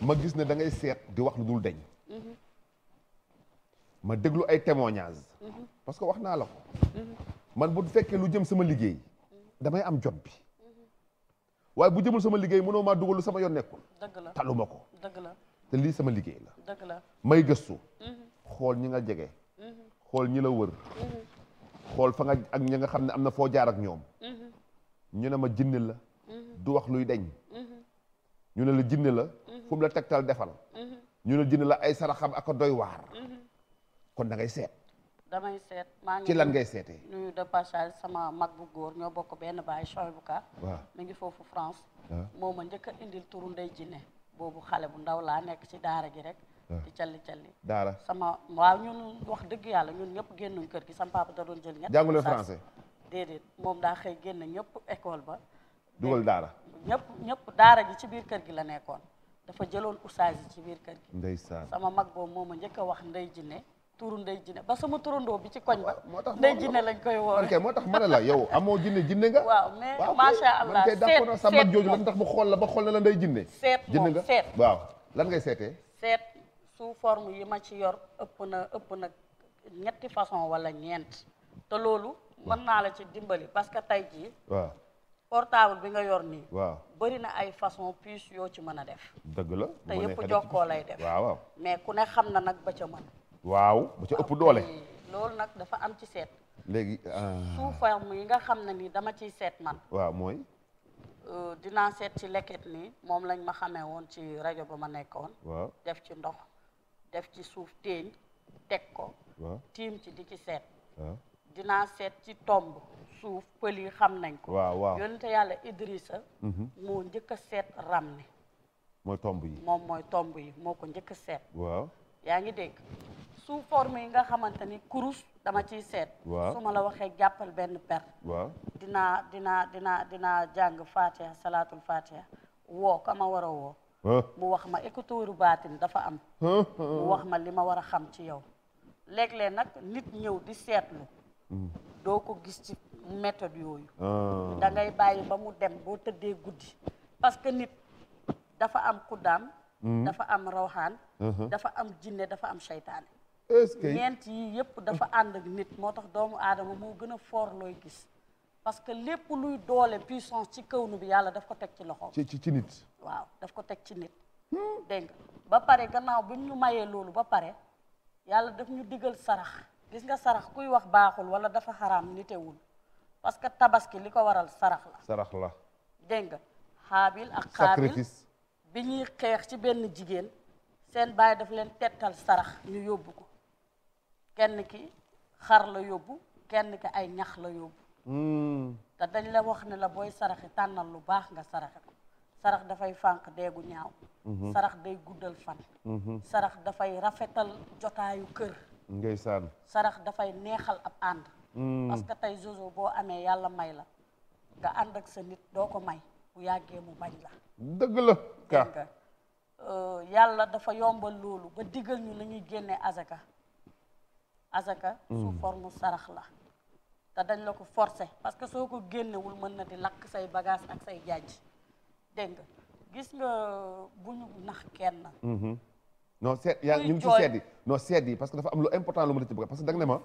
ma gis ne da ngay seet di wax lu dul deñ ma déglu ay témoignages. parce que wax naa la ko. man bu fekkee lu jëm sama liggéey. damay am jot bi. waaye bu jëmul sama liggéey mënoo maa dugal lu sama yoon nekkul. dëgg la taluma ko. dëgg la te lii sama liggéey la. dëgg la may gëstu. Mhm. xool ñi nga jege. Mhm. xool ñi la wër. Mhm. xool fa nga ak ñi nga xam ne am na foo jaar ak ñoom. ñu ne ma jinne la. du wax luy deñ. ñu ne la jinne la mhm. fu mu la tegtal defal mhm. ñu ne jinne la ay saraxam ak doy waar mhm. kon da seet damay seet maa ngi ci lan ngay seetee nuyu sama mag bu góor ñoo bokk benn baay choy ka waaw ngi foofu France moom ma njëkk a indil turu ndey jinne boobu xale bu ndaw laa nekk ci daara gi rek di calli calli daara sama waaw ñun wax dëgg yàlla ñun ñëpp génnuñ kër gi sama papa da doon jël ñett jàngulee français déedéet moom daa xëy génn ñëpp école ba dugal daara ñëpp ñëpp daara ji ci biir kër gi la nekkoon dafa jëloon oustaz yi ci biir kër gi ndeysaan sama mag boobu moo ma njëkk a wax ndey jinne turu ndey jinne ba sama turandoo bi ci koñ ba ndey jinne lañ koy woo ok moo tax ma ne la yow amoo jinne jinne nga waaw mais macha allah seet seet moom sa mag jooju xool la ba xool na la ndey seet jinne nga seet waaw lan ngay seetee seet sous forme yi ma ci yor ëpp na ëpp na ñetti façon wala ñeent te loolu mën naa la ci dimbali parce que tey jii waaw portable bi nga yor nii. waaw bari na ay façon puce yoo ci mën a def. dëgg la te yëpp jokkoo lay def. waaw mais ku ne xam na nag ba ca mën. waaw ba ca ëpp doole. loolu nag dafa am ci seet. léegi. Ah. sous forme yi nga xam ne nii dama ciy seet man. waaw mooy. Euh, dinaa seet ci leket nii moom lañ ma xamee woon ci rajo ba ma nekkoon. def ci ndox def ci suuf téeñ teg ko. tiim ci di ci seet. dinaa seet ci tomb suuf pël yi xam nañ ko waaw waaw yàlla Idrissa mhm. moo njëkk a seet ram ne mooy tomb yi moom mooy tomb yi moo ko njëkk seet yaa ngi dégg sous forme yi nga xamante ni kurus dama ciy seet waaw su ma la waxee jàppal benn per dinaa dinaa dinaa dinaa jàng fatiha salaatul fatiha woo ko ma war a woo mu wax ma écouteuru baatin dafa am mu wax ma li ma war a xam ci yow léeg-léeg nag nit ñëw di seetlu doo ko gis ci méthode yooyu ah. da ngay bàyyi ba mu dem boo tëddee guddi parce que nit dafa am kuddaam hmm. dafa am rawxaan uh-huh. dafa am jinne dafa am seytaane est-ce que yi yëpp dafa ànd ak nit moo tax doomu aadama moo gën a foor looy gis parce que lépp luy doole puissance ci kaw nu bi yàlla daf ko teg ci loxoom ci ci nit waaw daf ko teg ci nit hmm. dégg nga ba pare gannaaw bi ñu mayee loolu ba pare yàlla daf ñu digal sarax gis nga sarax kuy wax baaxul wala dafa xaram nitewul parce que tabaski li ko waral sarax la. sarax la. dégg nga xaabil ak. xaabil bi ñuy xeex ci benn jigéen. seen baay daf leen tettal sarax ñu yóbbu ko kenn ki xar la yóbbu kenn ki ay ñax la yóbbu. Hmm. te dañ la wax ne la booy saraxi tànnal lu baax nga saraxe ko sarax dafay fànq deegu ñaaw. Mhm. sarax day guddal fan. Mhm. sarax dafay rafetal jotaayu kër. ndeysaan sarax dafay neexal ab ànd hmm. parce tey Jojo boo amee yàlla may la nga ànd ak sa nit doo ko may bu yàggee mu bañ la dëgg la ka euh, yàlla dafa yombal loolu ba digal ñu la ñuy génnee azaka azaka hmm. su forme sarax la te dañ la ko forcer parce que soo ko génnewul mën na di lakk say bagage ak say jaaj dégg nga gis nga bu ñu nax kenn non seet yaa ñu ngi ci seet yi non seet yi parce que dafa am lu important lu ma dëcc bëgg parce que da ne ma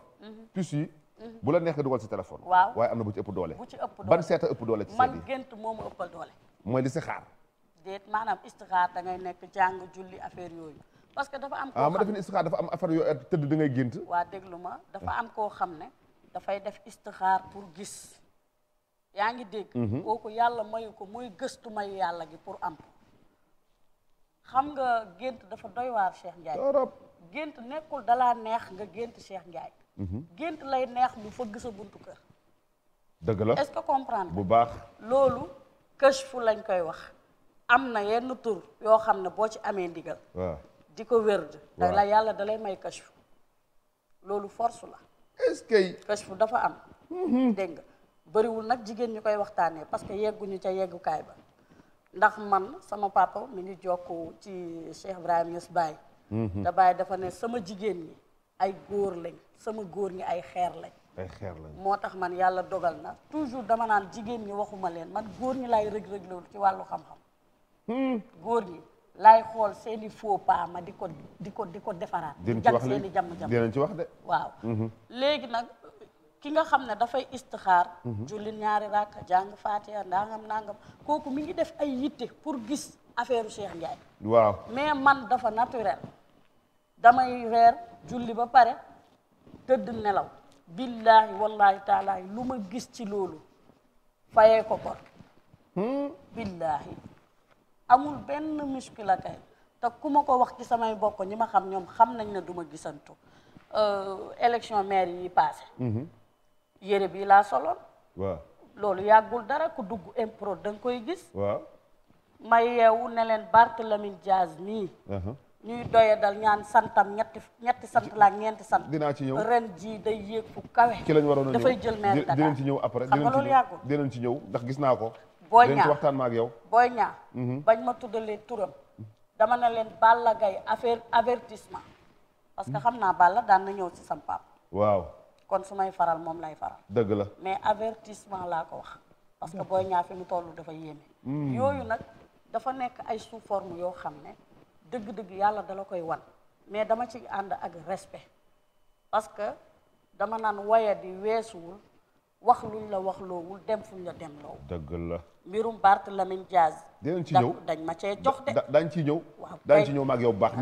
puce mhm. mhm. bu la neex nga dugal si téléphone waaw waaye am na bu ci ëpp doole bu ci ëpp doole a man gént moo ma ëppal doole mooy li si xaar déet maanaam istixaar da ngay nekk jàng julli affaire yooyu parce que dafa am koo ah, xam ma defe ne istixaar dafa am affaire yooyu tëdd da ngay gént waa déglu ma ah. koo xam ne dafay def istixaar pour gis yaa ngi dégg mhm. kooku yàlla mayu ko muy gëstu mayu yàlla gi pour am xam nga gént dafa doy waar Cheikh Ndiaye. torop gént nekkul dalaa neex nga gént Cheikh Ndiaye. Mhm. gént lay neex mu fëgg sa buntu kër. dëgg la est-ce que comprendre bu baax loolu kashfu lañ koy wax am na yenn tur yoo xam ne boo ci amee ndigal di ko wérd da la yàlla da lay may kashfu loolu force la est-ce que dafa am mhm. dégg nga bëriwul nag jigéen ñu koy waxtaanee parce que yegguñu ca yeggukaay ba ndax man sama papa mu ngi jokku ci Cheikh Ibrahima Niass Baye. Mhm. te Baye dafa ne sama jigéen ñi ay góor lañ sama góor ñi ay xeer lañ. xeer lañ moo tax man yàlla dogal na toujours dama naan jigéen ñi waxuma leen man góor ñi lay rëg-rëg loolu ci wàllu xam-xam. Hmm. góor ñi laay xool seeni i faux di ko di ko di ko defaraat. di jag seen i jàmm jàmm dinañ ci wax de. waaw mhm. léegi nag. ki nga xam ne dafay istixaar mhm. julli ñaari rakk jàng faatiha ndangam ndangam kooku mi ngi def ay yitte pour gis affaire Cheikh Ndiaye waaw mais man dafa naturel damay weer julli ba pare tëdd nelaw billaahi wallaahi taalaahi lu ma gis ci loolu fayee ko bor hmm? billaahi amul benn muskila kay te ku ma ko wax ci samay bokk ñi ma xam ñoom xam nañ ne duma ma gisantu euh, élection maire yi passé mhm. yére bii laa soloon. waaw loolu yàggul dara ku dugg impro da koy gis. waaw ma yeewu ne leen Barthélémy Diaz mii. ñuy doye dal ñaan santam ñetti ñetti sant laa ñeenti sant. dinaa ci ñëw ren jii day yéeg fu kawe. ci lañ dafay jël maire Dakar dinañ ci ñëw après. xam nga loolu yàggul dinañ ci ñëw ndax gis naa ko. booy ñaa ci yow. booy ñaa. Mhm. bañ ma tuddalee turam. dama ne leen Balla Gaye affaire avertissement. parce que mhm. xam naa Balla daan na ñëw ci sam waaw. kon su faral moom lay faral. dëgg la mais avertissement laa ko wax. parce que booy ñaa fi mu toll dafa yéeme. Hmm. yooyu nag dafa nekk ay sous forme yoo xam ne dëgg-dëgg yàlla dala koy wan mais dama ci ànd ak respect parce que dama naan waya di weesuwul wax luñ la wax loowul dem fuñ la dem loowu. dëgg la mbirum Barthélémy Dias. dinañ ci ñëw dañ ma cee jox de. dañ ci ñëw. waaw dañ ci ñëw maag yow baax.